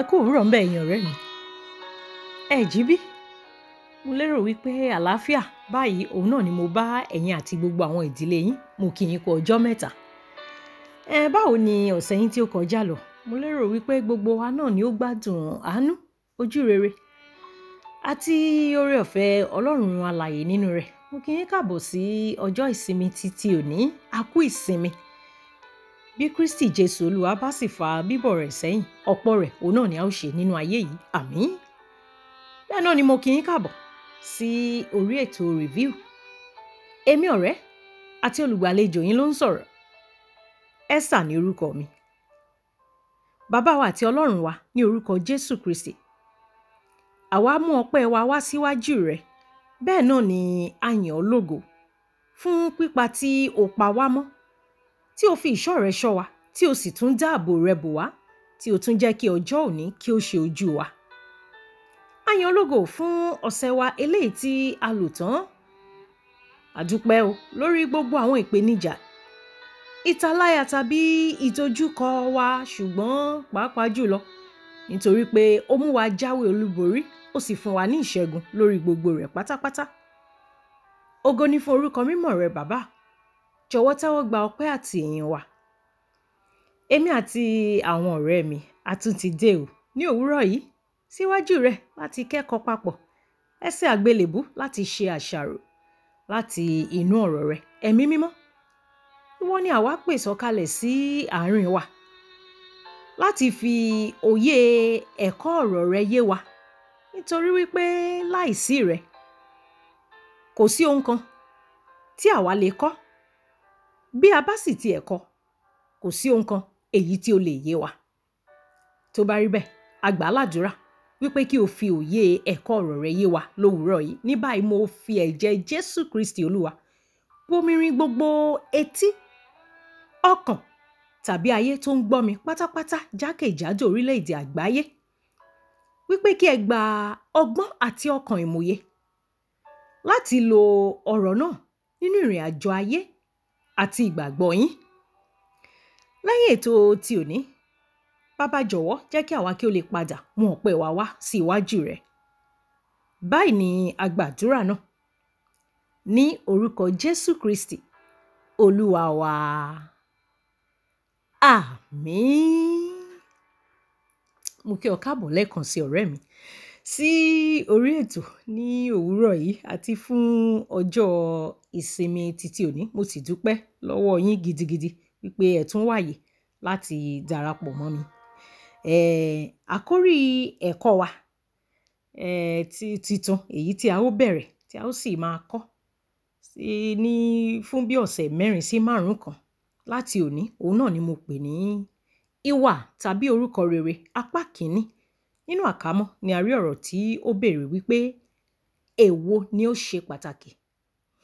ẹ kú òwúrọ̀ ń bẹ ẹ̀yin ọ̀rẹ́ mi ẹ jí bí mo lérò wípé àlàáfíà báyìí òun náà ni mo bá ẹ̀yin àti gbogbo àwọn ìdílé yín mo kí yín kú ọjọ́ mẹ́ta ẹ báwo ni ọ̀sẹ̀ yín tí ó kọjá lọ mo lérò wípé gbogbo wa náà ni ó gbádùn àánú ojú rere àti oore ọ̀fẹ́ ọlọ́run alààyè nínú rẹ̀ mo kí yín káàbọ̀ sí ọjọ́ ìsinmi títí òní a ìsinmi bí kristi jésù olúwa bá sì fa bíbọ̀ rẹ̀ sẹ́yìn ọ̀pọ̀ rẹ̀ òun náà ni a ó ṣe nínú ayé yìí àmín bẹ́ẹ̀ náà ni mo kì í kàbọ̀ sí orí ètò review èmi ọ̀rẹ́ àti olùgbàlejò yín ló ń sọ̀rọ̀ Esther ní orúkọ mi bàbá wa àti ọlọ́run wa ní orúkọ jésù kristi àwa mú ọpẹ́ wa wá síwájú rẹ bẹ́ẹ̀ náà ni a yìn ọ́ lógo fún pípa tí o pa wá mọ́ tí o fi ìṣọ́ rẹ ṣọ́ wa tí o sì tún dáàbò rẹ bò wá tí o tún jẹ́ kí ọjọ́ òní kí ó ṣe ojú wa. a yan ológo fún ọ̀sẹ̀ wa eléyìí tí a lò tán àdúpẹ́ o lórí gbogbo àwọn ìpèníjà ìtaláyà tàbí ìdojúkọ wa ṣùgbọ́n pàápàá jùlọ nítorí pé ó mú wa jáwé olúborí ó sì fún wa ní ìṣẹ́gun lórí gbogbo rẹ̀ pátápátá. Ògo ni fún orúkọ mímọ́ rẹ bàbá jọ̀wọ́ tẹ́wọ́ gba ọpẹ́ àti ìyìn wa. Èmi àti àwọn ọ̀rẹ́ mi a tún ti dé o ní òwúrọ̀ yìí síwájú rẹ láti kẹ́kọ̀ọ́ papọ̀. Ẹsẹ̀ àgbélébú láti ṣe àṣàrò láti inú ọ̀rọ̀ rẹ, ẹ̀mí mímọ́. Ìwọ ni àwa pè sọ̀kalẹ̀ sí àárín wa láti fi òye ẹ̀kọ́ ọ̀rọ̀ rẹ yé wa. Nítorí wípé láìsí rẹ kò sí ohun kan tí àwa lè kọ́ Bí a bá sì ti ẹ̀ kọ́, kò sí ohun kan èyí tí ó lè yé wa. Tó bá rí bẹ́ẹ̀, a gbà á ládùrá wípé kí o fi òye ẹ̀kọ́ ọ̀rọ̀ rẹ yé wa lówùúrọ̀ yìí. Ní báyìí mo fi ẹ̀jẹ̀ Jésù Kristi Olúwa bomirin gbogbo etí, ọkàn tàbí ayé tó ń gbọ́ mi pátápátá jákèjádò orílẹ̀-èdè àgbáyé wípé kí ẹ gba ọgbọ́n àti ọkàn ìmòye láti lo ọ̀rọ̀ náà nínú ìrìn àjò ayé àti ìgbàgbọ́ yín. Lẹ́yìn ètò ti òní, bàbá jọ̀wọ́ jẹ́ kí àwa kí ó lè padà mú ọpẹ́ wa wá sí iwájú rẹ. Báyìí ni a gbàdúrà náà. Ní orúkọ Jésù Kristi, Olúwa wa. Àmín. Mo kí ọ káàbọ̀ lẹ́ẹ̀kan sí ọ̀rẹ́ mi sí orí ètò ní òwúrọ̀ yìí àti fún ọjọ́ ìsinmi títí òní. Mo sì dúpẹ́ lọ́wọ́ yín gidigidi wípé ẹ tún láti darapọ̀ mọ́ mi. àkórí ẹ̀kọ́ wa, ẹ́, ti titun èyí tí a ó bẹ̀rẹ̀ tí a ó sì máa kọ́ sí ní fún bí ọ̀sẹ̀ mẹ́rin sí márùn-ún kan láti òní. Òun náà ni mo pè ní ìwà tàbí orúkọ rere apá kìíní Nínú àkámọ́ ni a rí ọ̀rọ̀ tí ó bèèrè wípé èwo ni ó ṣe pàtàkì?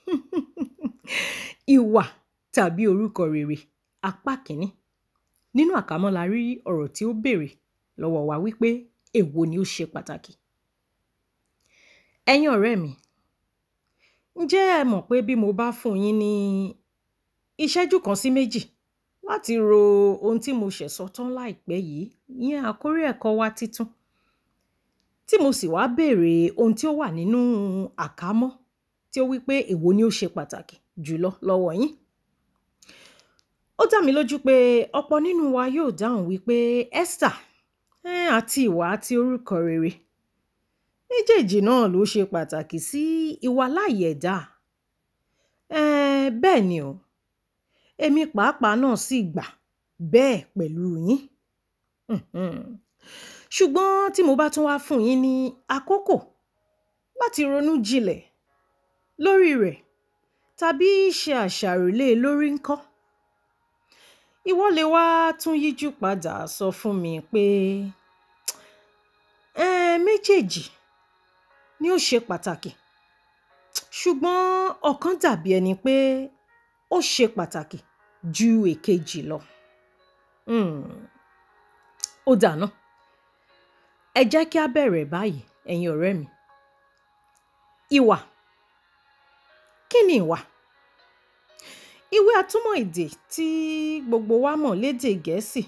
Ìwà tàbí orúkọ rere apá kìíní. Nínú àkámọ́ la rí ọ̀rọ̀ tí ó bèèrè lọ́wọ́ wa wípé èwo ni ó ṣe pàtàkì? Ẹ̀yin ọ̀rẹ́ mi, ǹjẹ́ ẹ mọ̀ pé bí mo bá fún yín ní ìṣẹ́jú kan sí méjì láti ro ohun tí mo ṣẹ̀ sọ tán láìpẹ́ yìí, ìyẹn àkórí ẹ̀kọ́ wa titun tí mo sì wá béèrè ohun tí ó wà nínú àkámọ́ tí ó wí pé èwo ni ó ṣe pàtàkì jùlọ lọ́wọ́ yín. Ó dá mi lójú pé ọ̀pọ̀ nínú wa yóò dáhùn wípé Esther eh, àti ìwà àti orúkọ rere. Méjèèjì náà ló ṣe pàtàkì sí ìwàláàyè ẹ̀dá. Eh, bẹ́ẹ̀ ni o, èmi pàápàá náà sì gbà bẹ́ẹ̀ pẹ̀lú yín ṣùgbọ́n tí mo bá tún wá fún yín ní àkókò láti ronú jinlẹ̀ lórí rẹ̀ tàbí ṣe àṣàrò lé e lórí ńkọ́? ìwọ lè wàá tún yíjú padà sọ fún mi pé um méjèèjì ni ó ṣe pàtàkì ṣùgbọ́n ọ̀kan dàbí ẹni pé ó ṣe pàtàkì ju èkejì lọ hmm, ó dáa ná Ẹ jẹ́ kí a bẹ̀rẹ̀ báyìí, ẹ̀yin ọ̀rẹ́ mi. Ìwà. Kí ni ìwà? Ìwé atúmọ̀ èdè tí gbogbo wa mọ̀ lédè Gẹ̀ẹ́sì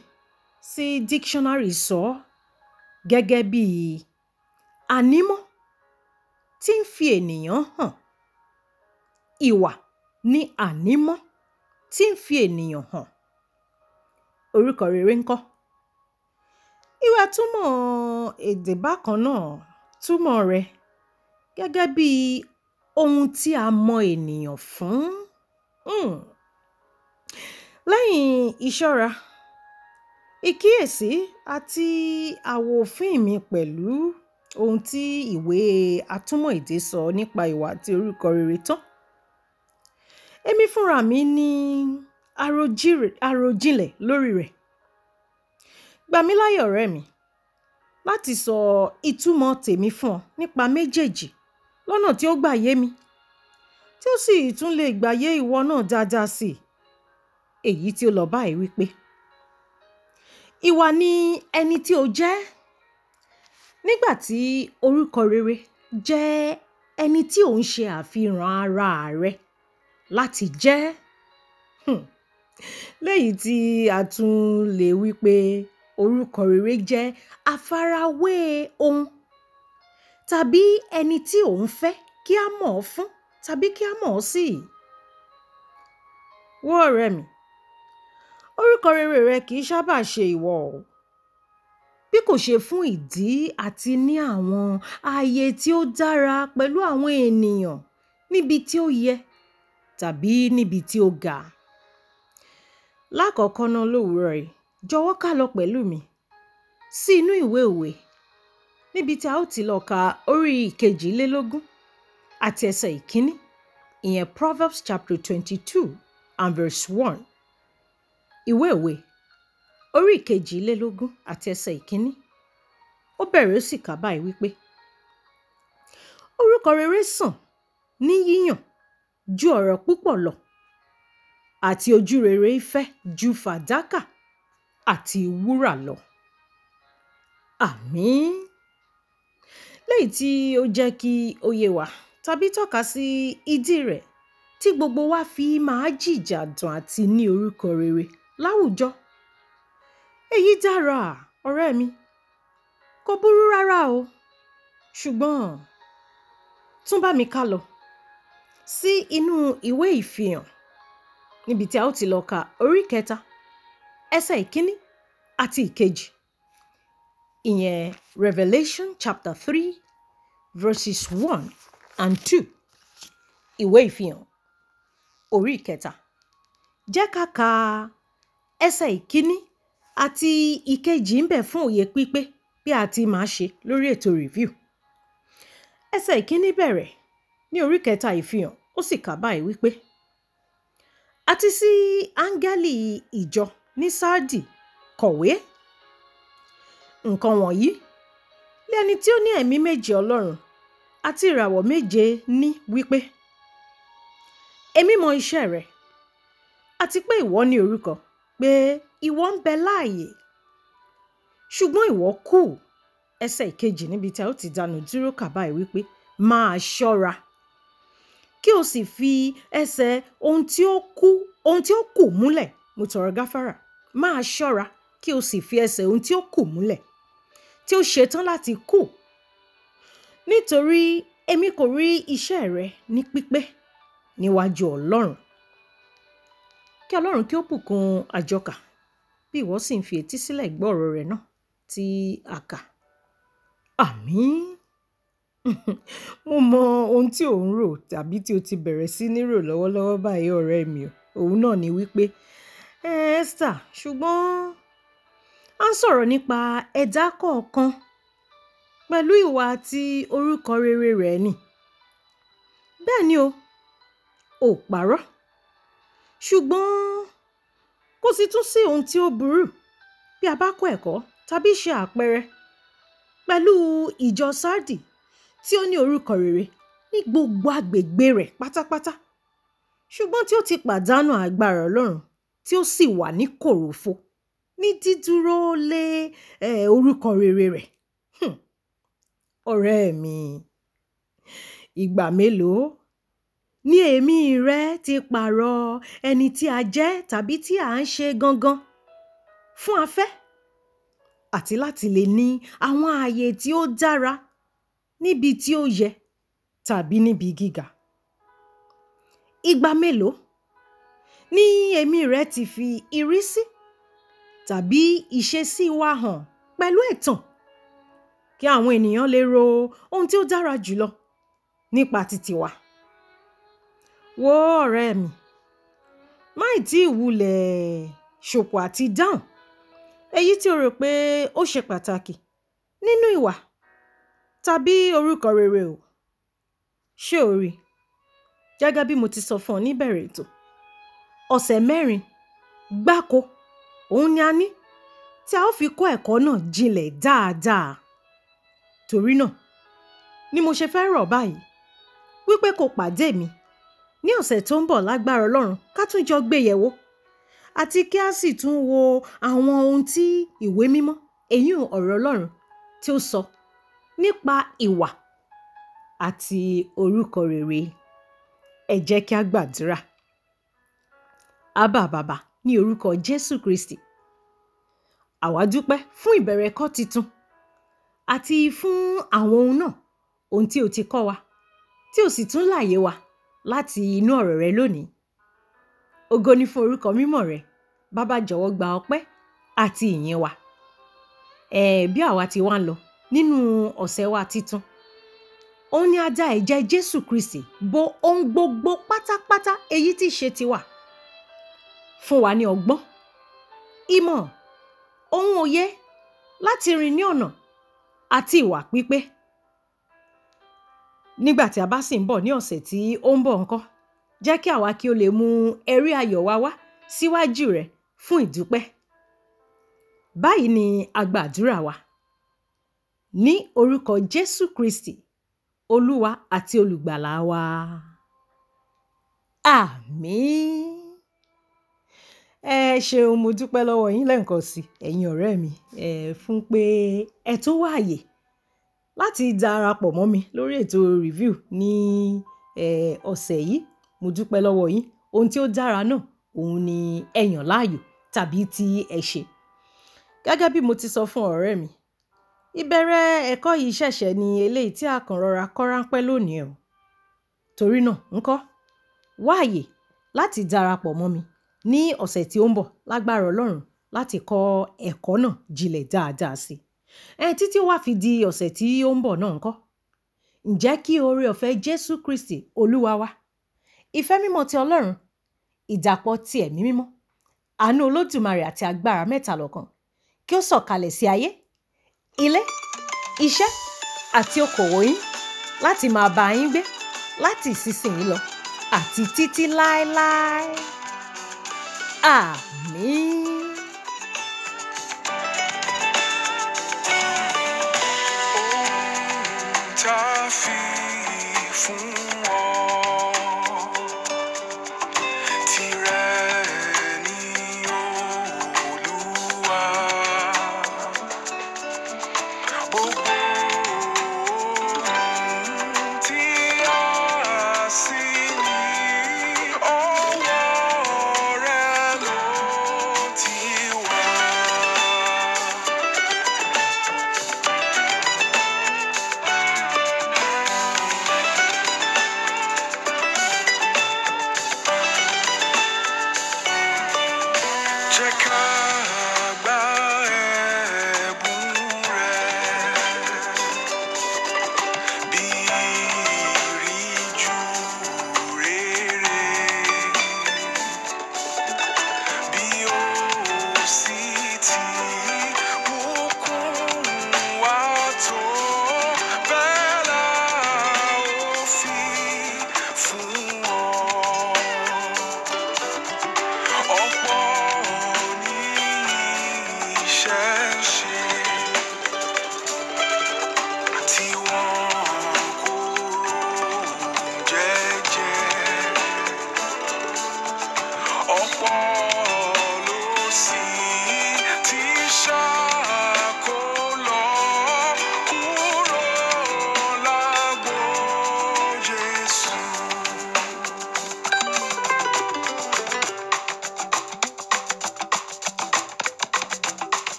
sí dictionary sọ gẹ́gẹ́ bí ànímọ́ tí ń fi ènìyàn hàn. Ìwà ni ànímọ́ tí ń fi ènìyàn hàn. Orúkọ rere ńkọ́? Wíwá túmọ̀ èdè bákan náà túmọ̀ rẹ̀ gẹ́gẹ́ bí ohun tí a mọ ènìyàn fún. Hmm. Lẹ́yìn ìṣọ́ra, ìkíyèsí àti àwòfín mi pẹ̀lú ohun tí ìwé atúmọ̀ èdè sọ nípa ìwà àti orúkọ rere tán. Èmi fúnra mi ní àròjinlẹ̀ lórí rẹ̀ Gbà mí láyè ọ̀rẹ́ mi láti sọ ìtumọ̀ tèmi fún ọ nípa méjèèjì lọ́nà tí ó gbà yé mi, tí ó sì tún lè gbà yé ìwọ náà dáadáa sí èyí tí ó lọ báyìí wípé, ìwà ni ẹni tí o jẹ́. Nígbà tí orúkọ rere jẹ́ ẹni tí ò ń ṣe àfihàn ara rẹ láti jẹ́. Hmm. Léyìí tí a tún lè wí pé Orúkọ rere jẹ́ àfarawé ohun tàbí ẹni tí ò ń fẹ́ kí a mọ̀ ọ́ fún tàbí kí a mọ̀ ọ́ sí. Wo ọ̀rẹ́ mi, orúkọ rere rẹ kì í sábà ṣe ìwọ o. Bí kò ṣe fún ìdí àti ní àwọn ààyè tí ó dára pẹ̀lú àwọn ènìyàn níbi tí ó yẹ tàbí níbi tí ó ga. Láàkọ́kọ́ náà lówurọ̀ yìí, Jọ̀wọ́ ká lọ pẹ̀lú mi sí inú ìwé òwe níbi tí a ó ti lọ ka orí ìkejìlélógún àti ẹsẹ̀ ìkíní, ìyẹn Proverbs chapter twenty-two and verse one. Ìwé òwe orí ìkejìlélógún àti ẹsẹ̀ ìkíní. Ó bẹ̀rẹ̀ ó sì kà báyìí wípé, orúkọ rere sàn ní yíyàn ju ọ̀rọ̀ púpọ̀ lọ àti ojú rere ìfẹ́ ju fàdákà àti wúrà lọ. Àmín. Léyìí tí ó jẹ́ kí ó yé wa tàbí tọ́ka sí ìdí rẹ̀ tí gbogbo wa fi máa jìjàdùn àti ní orúkọ rere láwùjọ. Èyí dára, ọ̀rẹ́ mi. Kò burú rárá o. Ṣùgbọ́n tún bá mi ká lọ sí inú ìwé ìfihàn níbi tí a ó ti lọ ka orí kẹta ẹsẹ̀ ìkíní àti ìkejì ìyẹn Revelation chapter three verses one and two ìwé ìfihàn orí ìkẹta jẹ́ ká ka ẹsẹ̀ ìkíní àti ìkejì ń bẹ fún òye pípé bí a ti máa ṣe lórí ètò review ẹsẹ̀ ìkíní bẹ̀rẹ̀ ní orí kẹta ìfihàn ó sì kà báyìí wípé àti sí áńgẹ́lì ìjọ. E ní sardi kọ̀wé nǹkan wọ̀nyí lẹni tí ó ní ẹ̀mí méje ọlọ́run àti ìràwọ̀ méje ní wípé èmi mọ iṣẹ́ rẹ àti pé ìwọ ní orúkọ pé ìwọ ń bẹ láàyè ṣùgbọ́n ìwọ kù ẹsẹ̀ ìkejì níbi tí a ó ti dànù dúró kàbáyé wípé máa ṣọ́ra kí o sì fi ẹsẹ̀ ohun tí ó kù múlẹ̀ mo tọrọ gáfárà máa ṣọ́ra kí o sì fi ẹsẹ̀ ohun tí ó kù múlẹ̀ tí ó ṣetán láti kù nítorí èmi kò rí iṣẹ́ rẹ ní pípé níwájú ọlọ́run kí ọlọ́run kí ó bùkún àjọkà bí ìwọ sì ń fi etí sílẹ̀ gbọ́ ọ̀rọ̀ náà tí a kà àmín mo mọ ohun tí ò ń rò tàbí tí o ti bẹ̀rẹ̀ sí ní rò lọ́wọ́lọ́wọ́ báyìí ọ̀rẹ́ mi o òun náà ni wípé um esther ṣùgbọ́n à ń sọ̀rọ̀ nípa ẹ̀dá kọ̀ọ̀kan pẹ̀lú ìwà àti orúkọ rere rẹ̀ ni bẹ́ẹ̀ ni o ò parọ́ ṣùgbọ́n kò sì tún sí ohun tí ó burú bí a bá kọ́ ẹ̀kọ́ tàbí ṣe àpẹẹrẹ pẹ̀lú ìjọ sardi tí ó ní orúkọ rere ní gbogbo agbègbè rẹ̀ pátápátá ṣùgbọ́n tí ó ti pàdánù agbára ọlọ́run tí ó sì wà ní kòròfo ní dídúró lé orúkọ rere rẹ̀. um mi, ìgbà mélòó ni èémí rẹ ti pààrọ̀ ẹni tí a jẹ́ tàbí tí à ń ṣe gangan fún afẹ́ àti láti lè ní àwọn ààyè tí ó dára níbi tí ó yẹ tàbí níbi gíga? Ìgbà mélòó ní èmi rẹ̀ ti fi ìrísí tàbí ìṣesí wa hàn pẹ̀lú ẹ̀tàn kí àwọn ènìyàn lè ro ohun tí ó dára jùlọ nípa titi wa. Wo ọ̀rẹ́ mi, má ì tí wulẹ̀ ṣòpò àti dáhùn èyí tí o rò pé ó ṣe pàtàkì nínú ìwà tàbí orúkọ rere o. Ṣé o rí? Gẹ́gẹ́ bí mo ti sọ fún ọ níbẹ̀rẹ̀ ètò, ọ̀sẹ̀ mẹ́rin gbáko òun ni a ní tí a ó fi kọ́ ẹ̀kọ́ náà jinlẹ̀ dáadáa. Torí náà ni mo ṣe fẹ́ rọ̀ báyìí wípé kó pàdé mi ní ọ̀sẹ̀ tó ń bọ̀ lágbára Ọlọ́run ká tún jọ gbé e yẹ̀wò àti kí a sì tún wo àwọn ohun tí ìwé mímọ́ èyí ọ̀rọ̀ Ọlọ́run tí ó sọ nípa ìwà àti orúkọ rere ẹ jẹ́ kí a gbàdúrà abba bàbá ní orúkọ jésù kristi àwa dúpẹ́ fún ìbẹ̀rẹ̀ ẹ̀kọ́ titun àti fún àwọn ohun náà ohun tí o ti kọ́ wa tí o sì tún láàyè wa láti inú ọ̀rọ̀ rẹ lónìí ògo ni fún orúkọ mímọ́ rẹ bàbá jọ̀wọ́ gba ọpẹ́ àti ìyìn wa ẹ bí àwa ti wá ń lọ nínú ọ̀sẹ̀ wa titun òun ni a ẹ̀jẹ̀ jésù kristi bo ohun gbogbo pátápátá èyí tí ṣe tiwa fún wa ní ọgbọ́n ìmọ̀ ohun òye láti rìn ní ọ̀nà àti ìwà pípé nígbà tí a bá sì ń bọ̀ ní ọ̀sẹ̀ tí ó ń bọ̀ ńkọ́ jẹ́ kí àwa kí o lè mú ẹ̀rí ayọ̀ wa wá síwájú rẹ fún ìdúpẹ́ báyìí ni agbàdúrà wa ní orúkọ Jésù Kristi Olúwa àti olùgbàlà wa àmín. Ẹ ṣeun, mo dúpẹ́ lọ́wọ́ yín lẹ́ẹ̀kan si, ẹ̀yin ọ̀rẹ́ mi, ẹ̀ fún pé ẹ tún wà láti darapọ̀ mọ́ mi lórí ètò review ní, ẹ́, ọ̀sẹ̀ yìí. Mo dúpẹ́ lọ́wọ́ yín. Ohun tí ó dára náà, òun ni ẹ yàn láàyò tàbí tí ẹ ṣe. Gẹ́gẹ́ bí mo ti sọ fún ọ̀rẹ́ mi, ìbẹ̀rẹ̀ ẹ̀kọ́ yìí ṣẹ̀ṣẹ̀ ni eléyìí tí a kan rọra kọ́ ránpẹ́ lónìí o. Torí náà ńkọ́, wà yè láti darapọ̀ mọ́ mi ní ọ̀sẹ̀ tí ó ń bọ̀ lágbára Ọlọ́run láti kọ́ ẹ̀kọ́ náà jinlẹ̀ dáadáa sí. Ẹ títí ó wá fi di ọ̀sẹ̀ tí ó ń bọ̀ náà ńkọ́. Ǹjẹ́ kí oore ọ̀fẹ́ Jésù Kristi Olúwa wa, ìfẹ́ mímọ́ ti Ọlọ́run, ìdàpọ̀ ti ẹ̀mí mímọ́, àánú Olódùmarè àti agbára mẹ́ta lọ́kan kí ó sọ̀kalẹ̀ sí ayé, ilé, iṣẹ́ àti okòwò yín láti máa bá yín gbé láti ìsinsìnyí lọ àti títí láéláé. Amém. Tá